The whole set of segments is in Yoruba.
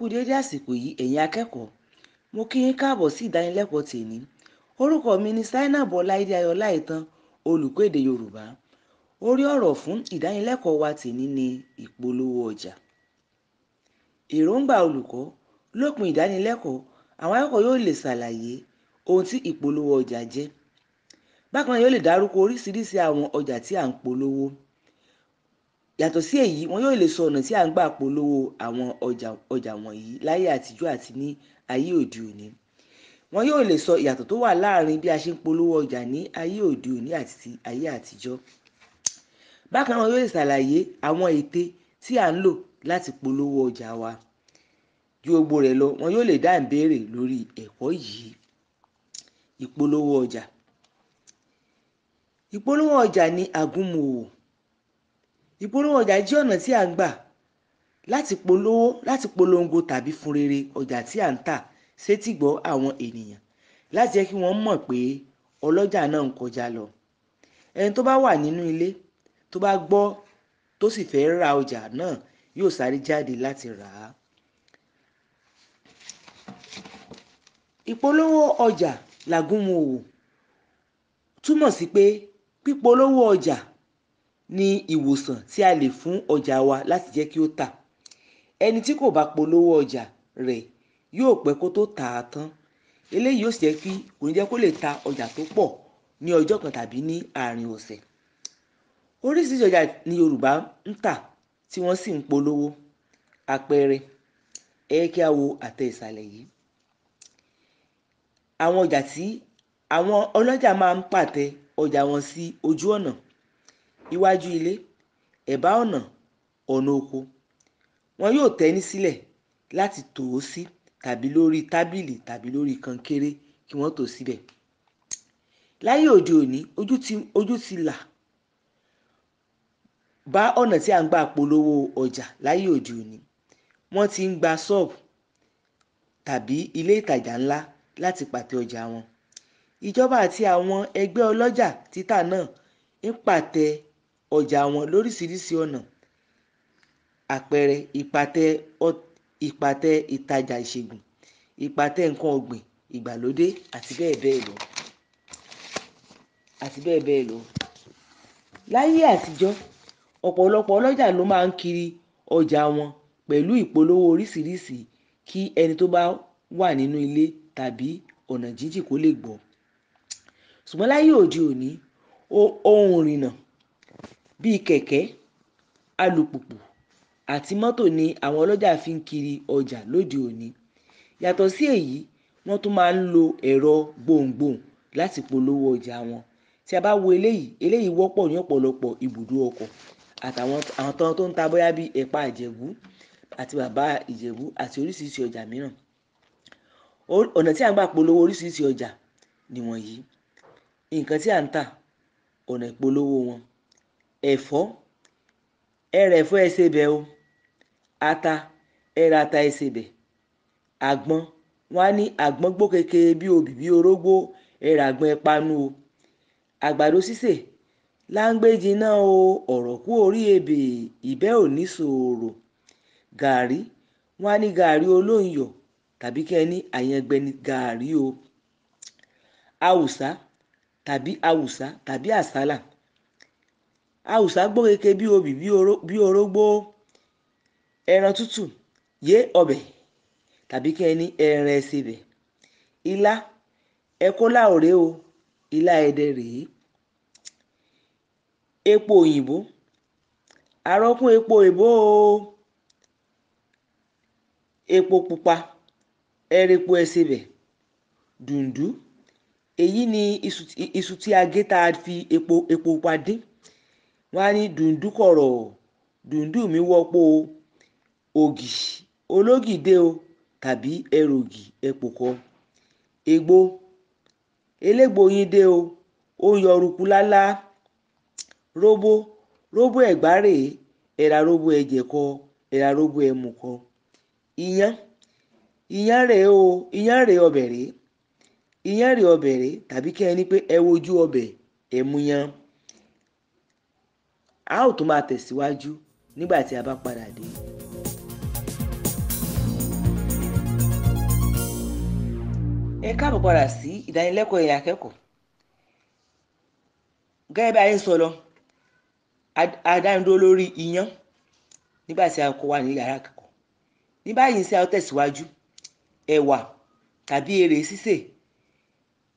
kú déédé àsìkò yìí ẹ̀yin akẹ́kọ̀ọ́ mo kí yín káàbọ̀ sí ìdánilẹ́kọ̀ọ́ tèmi orúkọ mi ni Zainab Ọláìdé Ayọ̀lá Ìtàn olùkọ́ Yorùbá orí ọ̀rọ̀ fún ìdánilẹ́kọ̀ọ́ wa tèmi ni ìpolówó ọjà èròǹgbà olùkọ́ lópin ìdánilẹ́kọ̀ọ́ àwọn akẹ́kọ̀ọ́ yóò lè ṣàlàyé ohun tí ìpolówó ọjà jẹ́ bákan náà yóò lè dárúkọ oríṣiríṣi àwọn ọjà tí à ń polówó yàtọ̀ sí èyí wọn yóò lè sọ ọ̀nà tí à ń gbà polówó àwọn ọjà wọ̀nyí láyé àtijọ́ àti ní ayé òde òní wọn yóò lè sọ ìyàtọ̀ tó wà láàrin bí a ṣe ń polówó ọjà ní ayé òde òní àti ti ayé àtijọ́ bákan náà yóò ṣàlàyé àwọn ète tí à ń lò láti polówó ọjà wa ju gbogbo rẹ̀ lọ wọn yóò lè dá ìbéèrè lórí ẹ̀kọ́ yìí ìpolówó ọjà ìpolówó ọjà ni àgúnmu ìpolówó ọjà jẹ́ ọ̀nà tí a ń gbà láti polówó láti polongo tàbí fún rere ọjà tí a ń tà sétígbọ́ àwọn ènìyàn láti jẹ́ kí wọ́n mọ̀ pé ọlọ́jà náà ń kọjá lọ ẹni tó bá wà nínú ilé tó bá gbọ́ tó sì fẹ́ ra ọjà náà yóò sáré jáde láti rà á. ìpolówó ọjà làgúnmu túmọ̀ sí pé pípolówó ọjà ní ìwòsàn tí a lè fún ọjà wa láti jẹ́ kí ó tà ẹni tí kò bá polówó ọjà rẹ̀ yóò pẹ́ kó tó tà á tán eléyìí yóò sì jẹ́ kí kò ní jẹ́ kó lè ta ọjà tó pọ̀ ní ọjọ́ kan tàbí ní àárín ọ̀sẹ̀ oríṣiríṣi ọjà ni Yorùbá ń tà tí wọ́n sì ń polówó àpẹẹrẹ ẹ kí a wo àtẹ ìsàlẹ̀ yìí àwọn ọjà tí àwọn ọlọ́jà máa ń pàtẹ ọjà wọn sí ojú ọ̀nà iwájú ilé ẹ̀bá ọ̀nà ọ̀nà oko wọn yóò tẹ́ní sílẹ̀ láti tò ó sí tàbí lórí tábìlì tàbí lórí kànkéré kí wọ́n tò ó síbẹ̀ láyé òde òní ojú ti ojú ti là bá ọ̀nà tí à ń gbà polówó ọjà láyé òde òní wọ́n ti ń gba ṣọ́ọ̀bù tàbí ilé ìtajà ńlá láti pàtẹ ọjà wọn ìjọba àti àwọn ẹgbẹ́ ọlọ́jà títà náà ń pàtẹ ọjà wọn lóríṣiríṣi ọ̀nà àpẹẹrẹ ìpàtẹ ìpàtẹ ìtajà ìṣègùn ìpàtẹ nǹkan ọ̀gbìn ìgbàlódé àti bẹ́ẹ̀ bẹ́ẹ̀ lọ àti bẹ́ẹ̀ bẹ́ẹ̀ lọ. láyé àtijọ́ ọ̀pọ̀lọpọ̀ ọlọ́jà ló máa ń kiri ọjà wọn pẹ̀lú ìpolówó oríṣiríṣi kí ẹni tó bá wà nínú ilé tàbí ọ̀nà jíjìn kó lè gbọ́. ṣùgbọ́n láyé òde òní ohun ìrìnnà bíi kẹ̀kẹ́ alùpùpù àti mọ́tò ni àwọn ọlọ́jà fi ń kiri ọjà lóde òní yàtọ̀ sí èyí wọ́n tún máa ń lo ẹ̀rọ gbohùngbohùn láti polówó ọjà wọn tí a bá wo eléyìí eléyìí wọ́pọ̀ ní ọ̀pọ̀lọpọ̀ ibùdó ọkọ̀ àtàwọn àwọn tó ń ta bóyá bíi ẹ̀pà ìjẹ̀bú àti bàbá ìjẹ̀bú àti oríṣiríṣi ọjà mìíràn ọ̀nà tí à ń gbà polówó oríṣiríṣi ọjà nìwọ̀nyí nǹkan tí à ń tà ọ̀nà ìpolówó wọn ẹ̀fọ́ ẹrẹ̀fọ́ ẹ sebẹ̀ o ata ẹrata ata sebẹ̀ àgbọn wọn á ní àgbọn gbó kékeré bí obì bí orógbó ẹrà agbọn ẹ panu o àgbàdo sísè láńgbéjì náà o ọrọ kú orí ebè ìbẹ́ ò ní sòrò gàrí wọn á ní gàrí olóyìnbó tàbí kí ẹ ní àyàngbẹ ní gàrí o awùsá tàbí awùsá tàbí àsálà haúsá gbókeke bí obì bí orógbó ẹran tútù yé ọbẹ̀ tàbí kẹ́ ẹ ní ẹran ẹsẹ̀ bẹ̀ ilá ẹkólà òré o ilá ẹdẹ rèé epo òyìnbó àrọ́kún epo èbó o epo pupa ẹrẹpo ẹsẹ̀ bẹ̀ dùndú èyí ni iṣu tí a tá a fi epo epo pupa dín wọ́n á ní dùndúkọ̀rọ̀ dùndú mi wọ́pọ̀ ògì ológìdé o tàbí ẹrògì ẹpòkọ egbò elégbò yín dé o ó ń yọ ruku lálá róbó róbó ẹ̀gbá rèé ẹ̀rà róbó ẹ̀jẹ̀ kọ ẹ̀rà róbó ẹ̀mù kọ iyán iyán rèé o iyán rèé ọbẹ̀ rèé iyán rèé ọbẹ̀ rèé tàbí kí ẹ pé ẹ wojú ọbẹ̀ ẹ̀mú yán. a ó tún máa tẹ̀síwájú nígbà tí a bá padà dé. ẹ káàbọ̀ padà sí ìdánilẹ́kọ̀ọ́ ẹ̀yìn akẹ́kọ̀ọ́ gẹ́gẹ́ bí ayé sọ lọ adánidúró lórí iyán nígbà tí a kọ́ wà ní yàrá akẹ́kọ̀ọ́ ní báyìí sí a ó tẹ̀síwájú ẹ̀wà tàbí sísè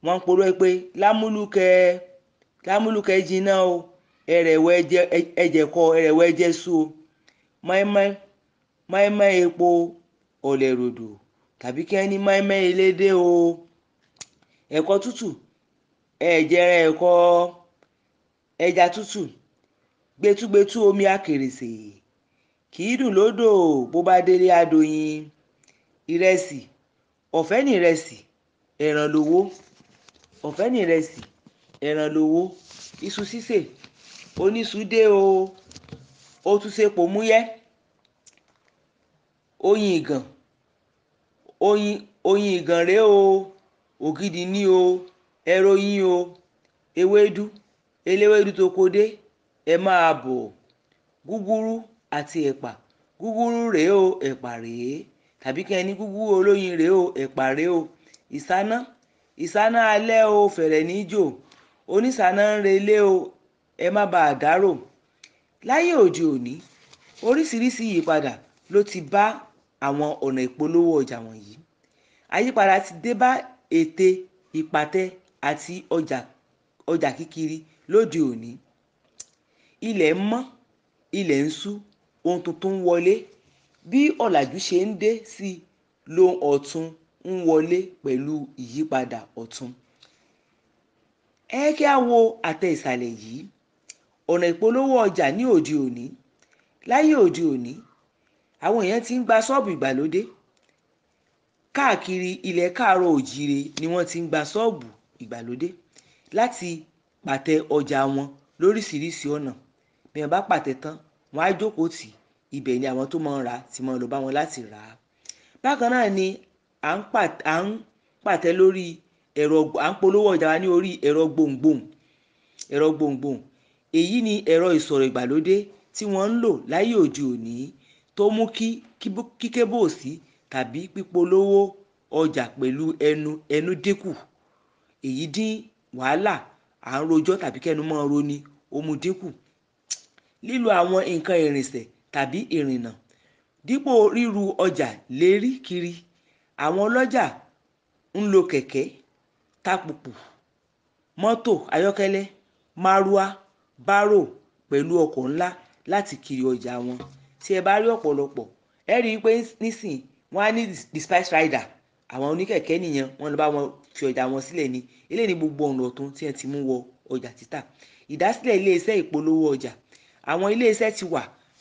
ń o ẹrẹ̀wẹ̀ ẹ̀jẹ̀ kọ ẹrẹ̀wẹ̀ ẹ̀jẹ̀ sú o mọ́ínmọ́ín mọ́ínmọ́ín epo ọ̀lẹ̀ ròdò tàbí kí ẹni o ẹ̀kọ tútù ẹ̀jẹ̀ ẹja tútù omi akèrèsè kì í dùn lódò bó bá délé ìrẹsì ọ̀fẹ́ ní ìrẹsì lówó ọ̀fẹ́ ní ìrẹsì lówó onísùdé o ó tún sepo múyẹ́ oyin ìgàn oyin oyin ìgàn rèé o ògidì ní o ẹ̀rọyìn o ewédú eléwédú tó kó dé ẹ máa bọ̀ gúgúrú àti ẹ̀pà gúgúrú rèé o ẹ̀pà rèé tàbí kí ẹni gúgúrú olóyin rèé o ẹ̀pà rèé o ìsáná ìsáná alẹ́ o fẹ̀rẹ̀ níjò onísáná ń relé o ẹ má bàa dárò láyé òde òní oríṣiríṣi ìyípadà ló ti bá àwọn ọ̀nà ìpolówó ọjà wọ̀nyí àyípadà ti dé bá ète ìpàtẹ àti ọjà ọjà kíkiri lóde òní ilẹ̀ ń mọ́ ilẹ̀ ń ṣú ohun tuntun ń wọlé bí ọ̀làjú ṣe ń dé sí i lohun ń wọlé pẹ̀lú ìyípadà ọ̀tun ẹ kí a wo àtẹ ìsàlẹ̀ yìí ọ̀nà ìpolówó ọjà ní òde òní láyé òde òní àwọn èèyàn ti ń gba ṣọ́ọ̀bù ìgbàlódé káàkiri ilẹ̀ káàárọ̀ òjìire ni wọ́n ti ń gba ṣọ́ọ̀bù ìgbàlódé láti pàtẹ ọjà wọn lóríṣiríṣi ọ̀nà bí wọ́n bá pàtẹ tán wọ́n á jókòó tì ibẹ̀ ni àwọn tó máa ń rà ti máa lọ bá wọn láti rà á bákan náà ni à ń pàtẹ lórí ẹ̀rọ à ń polówó ọjà wa ní orí ẹ̀rọ gbohùngbohùn ẹ̀rọ gbohùngbohùn èyí ni ẹ̀rọ ìsọ̀rọ̀ ìgbàlódé tí wọ́n ń lò láyé òde òní tó mú kí kíkébòsí tàbí pípolówó ọjà pẹ̀lú ẹnu ẹnu dínkù èyí dín wàhálà à ń rojọ́ tàbí kẹ́nu mọ́ roni ó mú dínkù lílo àwọn nǹkan ìrìnsẹ̀ tàbí ìrìnnà dípò ríru ọjà lérí kiri àwọn ọlọ́jà ń lo kẹ̀kẹ́ takùkù mọ́tò ayọ́kẹ́lẹ́ marua bárò pẹ̀lú ọkọ̀ ńlá láti kiri ọjà wọn tí ẹ bá rí ọ̀pọ̀lọpọ̀ ẹ rí i pé nísìn wọ́n á ní the spice rider àwọn oníkẹ̀kẹ́ nìyẹn wọ́n lọ bá wọn fi ọjà wọn sílẹ̀ ni eléyìí ní gbogbo ọ̀nà ọ̀tún tí ẹ ti mú wọ ọjà títà ìdásílẹ̀ iléeṣẹ́ ìpolówó ọjà àwọn iléeṣẹ́ ti wà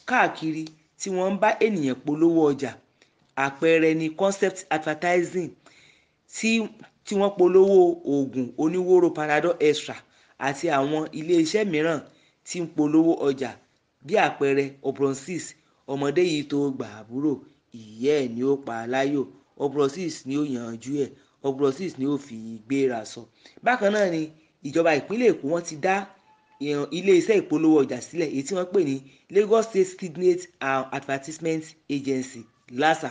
káàkiri tí wọ́n ń bá ènìyàn polówó ọjà àpẹẹrẹ ni concept advertising tí, tí wọ́n polówó oògùn oníwóró panadol extra àti àwọn iléeṣẹ́ mìíràn tí ń polówó ọjà bí àpẹẹrẹ opron six ọmọdé yìí tó gbà àbúrò ìyá ẹ̀ ni ó pa láyò opron six ni ó yanjú ẹ̀ opron six ni ó fi gbéra sọ bákan náà ni ìjọba ìpínlẹ̀ èkó wọ́n ti dá ilé iṣẹ́ ìpolówó ọjà sílẹ̀ èyí tí wọ́n pè ní Lagos State Signage and uh, Advertisement Agency LASA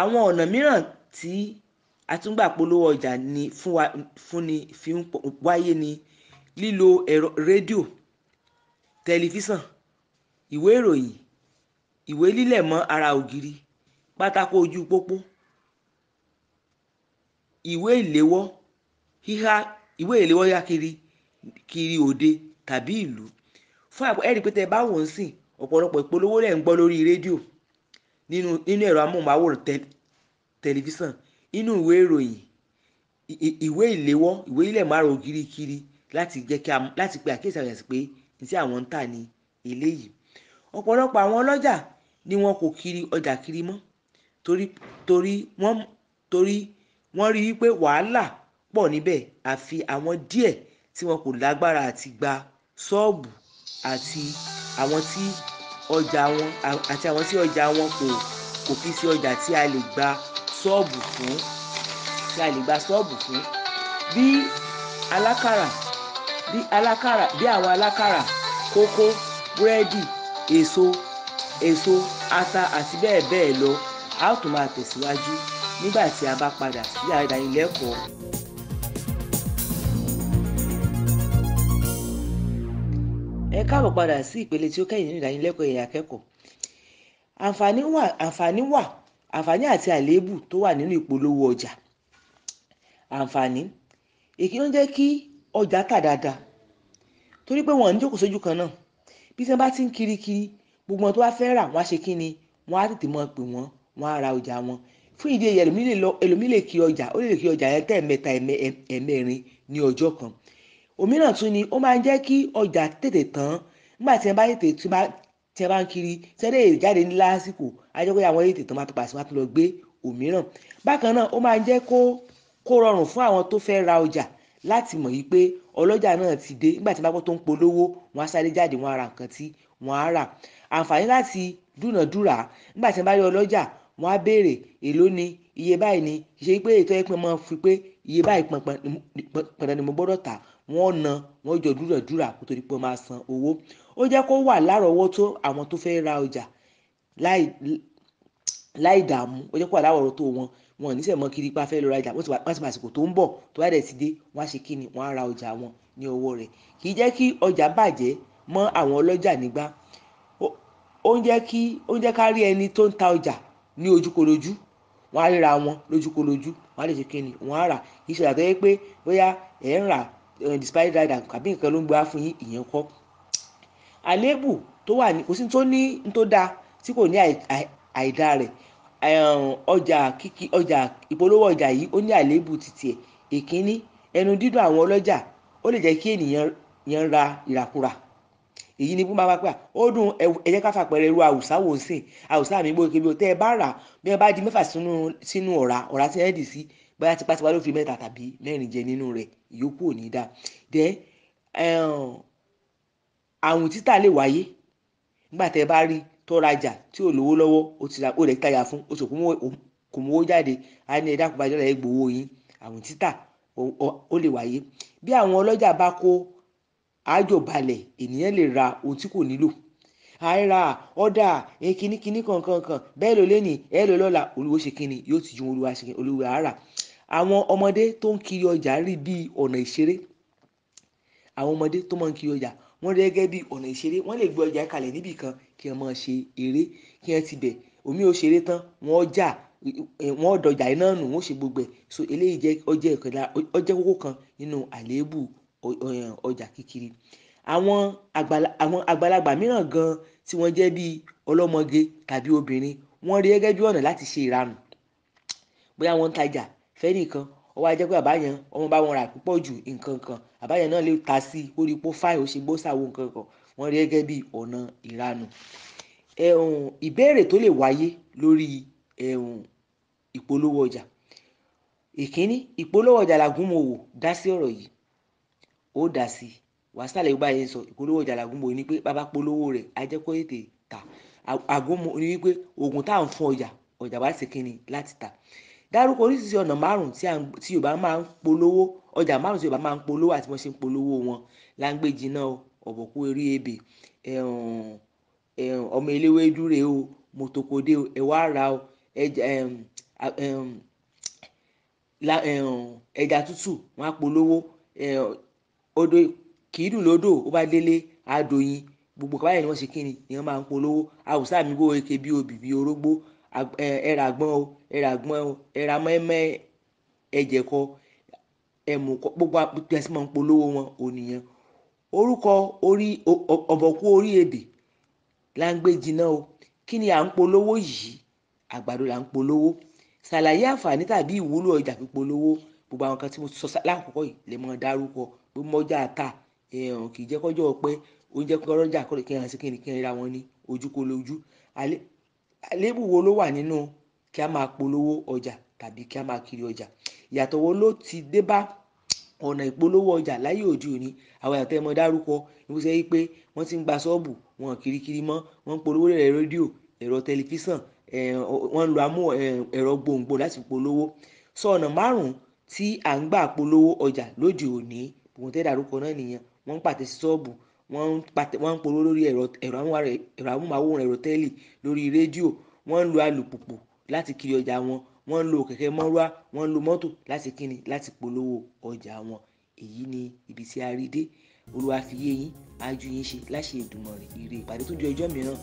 àwọn ọ̀nà mìíràn tí àtúngbà polówó ọjà ni fúnni fi ń wáyé ní lílo ẹ̀rọ rédíò tẹlifíṣàn ìwé ìròyìn ìwé lílẹ̀ mọ́ ara ògiri pátákó ojú pópó ìwé ìléwọ́ híhá ìwé ìléwọ́ yá kiri kiri òde tàbí ìlú fún àpò ẹ̀rí pé tẹ bá wò ó sìn ọ̀pọ̀lọpọ̀ ìpolówó lẹ̀ ń gbọ́ lórí rédíò nínú nínú ẹ̀rọ amóhùnmáwòrán tẹlifíṣàn inú ìwé ìròyìn ìwé ìléwọ́ ìwé ilẹ̀ márùn kirikiri láti jẹ́ kí a láti pe àkíyèsí àwọn èèyàn pé ní tí àwọn ń tà ní eléyìí ọ̀pọ̀lọpọ̀ àwọn ọlọ́jà ni wọn kò kiri ọjà kiri mọ́ torí torí wọ́n torí wọ́n rí wípé wàhálà pọ̀ níbẹ̀ àfi àwọn díẹ̀ tí wọn kò lágbára àti gba ṣọ́ọ̀bù àti àwọn tí ọjà wọn àti àwọn tí ọjà wọn kò kò kí sí ọjà tí a lè gba ṣọ́ọ̀bù fún tí a lè gba ṣọ́ọ̀bù fún bí alákàrà bí alákàrà bí àwọn alákàrà kókó búrẹ́dì èso èso ata àti bẹ́ẹ̀ bẹ́ẹ̀ lọ a ó tún máa tẹ̀síwájú nígbà tí a bá padà sí àdánilẹ́kọ̀ọ́. ẹ káàbọ̀ padà sí ìpele tí ó kẹ́yìn nínú ìdánilẹ́kọ̀ọ́ ẹ̀yà akẹ́kọ̀ọ́ àǹfààní wà àǹfààní wà àǹfààní àti àléébù tó wà nínú ìpolówó ọjà àǹfààní èkí ló ń jẹ́ kí ọjà tà dáadáa torí pé wọn ò ní jókòó sójú kan náà bí sẹ́n ti ń kiri kiri gbogbo wọn tó bá fẹ́ rà wọ́n á ṣe kí ni wọ́n á tètè mọ́ pè wọ́n wọ́n á ra ọjà wọn fún ìdí èyí ẹlòmí lè kí ọjà ó lè kí ọjà yẹn tẹ́ ẹ̀mẹ́ta ẹ̀mẹ́rin ní ọjọ́ kan òmíràn tún ni ó máa ń jẹ́ kí ọjà tètè tán nígbà tí wọ́n bá tètè tí ẹ bá ń kiri sẹ́dẹ̀ èrè jáde ní lásìkò ajẹ́pẹ́ àwọn ètò tó máa tó pàṣẹ máa tó lọ gbé òmíràn bákan náà ó máa ń jẹ́ kó kó rọrùn fún àwọn tó fẹ́ ra ọjà láti mọ̀ yí pé ọlọ́jà náà ti dé nígbà tí bákọ́ tó ń polówó wọn á sáré jáde wọn á ra nǹkan tí wọn á rà àǹfààní láti dúnàdúrà nígbà tí wọn bá rí ọlọ́jà wọn á béèrè èló ni iye báyìí ni ṣe pé ètò ẹ̀pẹ́ máa fi pé iye báyìí pọ̀npọ̀n ni mo gbọ́dọ̀ tà wọ́n na wọ́n jọ dúràdúrà kó torí pé wọ́n máa san owó ó jẹ́ kó wà lárọ̀ọ́wọ́tó àwọn tó fẹ́ ra ọjà láì dààmú ó jẹ́ kó wà lárọ̀ọ́wọ́tó wọn wọn ní sẹ̀mọ́ kiri pa fẹ́ lọ ra ọjà wọ́n ti màsìkò tó ń bọ̀ tó bá dẹ̀ ti dé wọ́n á ṣe kí ni wọ́n á ra ọjà wọn ní ọwọ́ rẹ̀ kì í jẹ́ kí ọjà bàjẹ́ mọ́ àwọn ọlọ́jà nígbà ó ń jẹ́ kí ó ń jẹ́ ká rí ẹni tó ń ta ọjà ní ojúkorojú wọ́n á ríra wọn lójúkorojú wọ́n á lè ṣe kí ni á rà kì í ṣe àtọ́yẹ́ pé bóyá ẹ̀ ń rà the eh, spider rider àbí nǹkan ló ń gbà fún yín ìyẹn kọ́ àléébù tó wà ní kò sí tó ní tó dáa tí kò ní àìdá rẹ̀ ọjà kíkí ọjà ìpolówó ọjà yìí ó ní àléébù títì ẹ̀ ìkíní ẹnu dídùn àwọn ọlọ́jà ó lè jẹ́ kí ènìyàn ra ìràkúrà èyí ni bùnbà pápá ó dùn ẹjẹ káfà pẹrẹ ru àwùsá wò ń sìn àwùsá mi gbókè bí o tẹ ẹ bá rà bí ẹ bá di mẹ́fà sínú ọ̀rá ọ̀rá tí ẹ dì sí bóyá tipátipá ló fi mẹ́ta tàbí mẹ́rin jẹ nínú rẹ̀ ìyókù ò ní dá dẹ́ àwìn títà lè wáyé nígbà tẹ́ bá rí tó rajà tí ò lówó lọ́wọ́ ó ti ra ó rẹ̀ tajà fún ó sì kò mú jáde á ní ẹ̀dá àkùnbájọ́ rẹ̀ gbowó yín àwìn títà ó lè wáyé bí àwọn ọlọ́jà bá kó àjò balẹ̀ ènìyàn lè ra ohun tí kò nílò àìra ọ̀dà kìnnìkìnnì kankan kan bẹ́ẹ̀ ló lé ní ẹ̀ ló lọ́la olùwọ́ yóò ti ju olùwà ṣe kínni àwọn ọmọdé tó ń kiri ọjà rí bí ọ̀nà ìṣeré àwọn ọmọdé tó máa ń kiri ọjà wọ́n rí gẹ́gẹ́ bí ọ̀nà ìṣeré wọ́n lè gbé ọjà kalẹ̀ níbì kan kí wọ́n máa ṣe eré kí wọ́n ti bẹ̀ omi ò ṣeré tán wọ́n jà wọ́n dọjà iná nù wọ́n ṣe gbogbo ẹ̀ so eléyìí jẹ́ ọjẹ́ ìkọlá ọjẹ́ kókó kan nínú àléébù ọjà kíkiri àwọn àgbàlagbà mìíràn gan tí wọ́n jẹ́ bí ọlọ́mọge tàbí obìnrin wọ́n rí gẹ́gẹ́ bí ọ̀nà láti ṣe ìranù bóyá wọ́n ń tajà fẹ́nìkan ó wá jẹ́ pé àbáyẹn ọmọ bá wọn rà púpọ̀ jù nǹkan kan àbáyẹn náà lè ta sí orí profile ó ṣe gbósàwó nǹkan kan wọ́n rí gẹ́gẹ́ bí ọ̀nà ìranù ìbéèrè tó lè wáyé lórí ìpolówó ọjà ìkíní ìpolówó ọjà làgúnmòwò dá sí ọ̀rọ̀ yìí ó dá sí wàá sàlẹ̀ yorùbá yẹn sọ ìpolówó ọjà làgúnmòwò ni pé bàbá polówó rẹ̀ ajẹ́kọ́ ètè ta àgúnmòwò ni wípé oògùn tá à ń fún ọjà ọjà wá sí kíni láti ta dárúkọ oríṣiríṣi ọ̀nà márùn-ún tí Yorùbá máa ń polówó ọjà márùn-ún tí Yorùbá máa ń polówó àti wọ́n ṣe ń polówó wọn láńgbèjì náà o ọ̀bọ̀kú eré ebè ọmọ eléwédú rèé o mọ̀tòkòdé o ẹ wá o ẹja tútù wọn á polówó odò kì í dùn lódò ó bá délé á doyin gbogbo kaba yẹn ni wọ́n ṣe kí ni ni wọ́n máa ń polówó haúsá mi gbówó ike bí obì bí orógbó ẹ̀rà àgbọn o ẹ̀rà àgbọn o ẹ̀rà mẹ́mẹ́ ẹ̀jẹ̀ kọ ẹ̀mú kọ gbogbo àpẹẹsì máa ń polówó wọn ònìyàn orúkọ orí ọ̀bọ̀kú orí èdè là ń o kí ni à ń polówó yìí àgbàdo là ń polówó ṣàlàyé àǹfààní tàbí ìwúlò ọjà pípolówó gbogbo àwọn kan tí mo sọ lákòókò yìí lè mọ dárúkọ pé mọ́jà ta ẹ̀hàn kì í jẹ́ kọjọ́ pé oúnjẹ kọ́rọ́jà kọ́rọ́ kí n hàn sí kí n ra wọn ní ojúkó lébù wo ló wà nínú kí a máa polówó ọjà tàbí kí a máa kiri ọjà ìyàtọ̀ wo ló ti dé bá ọ̀nà ìpolówó ọjà láyé òde òní àwọn ìyàtọ̀ ẹ̀ mọ́ dárúkọ ìwúsẹ́ yìí pé wọ́n ti ń gba ṣọ́ọ̀bù wọn kirikiri mọ́ wọ́n ń polówó lẹ́rọ rédíò ẹ̀rọ tẹlifíṣàn wọ́n ń lo amú ẹ̀rọ gbòǹgbò láti polówó sọ ọ̀nà márùn-ún tí à ń gbà polówó ọjà lóde òní ìwọ̀n dárúkọ náà nìyẹn wọ́n ń pàtẹ sí ṣọ́ọ̀bù wọ́n ń pàtẹ wọ́n ń polówó lórí ẹ̀rọ amóhùnmáwòrán ẹ̀rọ tẹ́lì lórí rédíò wọ́n ń lo alùpùpù láti kiri ọjà wọn wọ́n ń lo kẹ̀kẹ́ mọ́rúwá wọ́n ń lo mọ́tò láti kíni láti polówó ọjà wọn èyí ni ibi tí a rí dé olúwa fi yé yín á yín ṣe láṣẹ Èdùmàrè ire ìpàdé tó di ọjọ́ mìíràn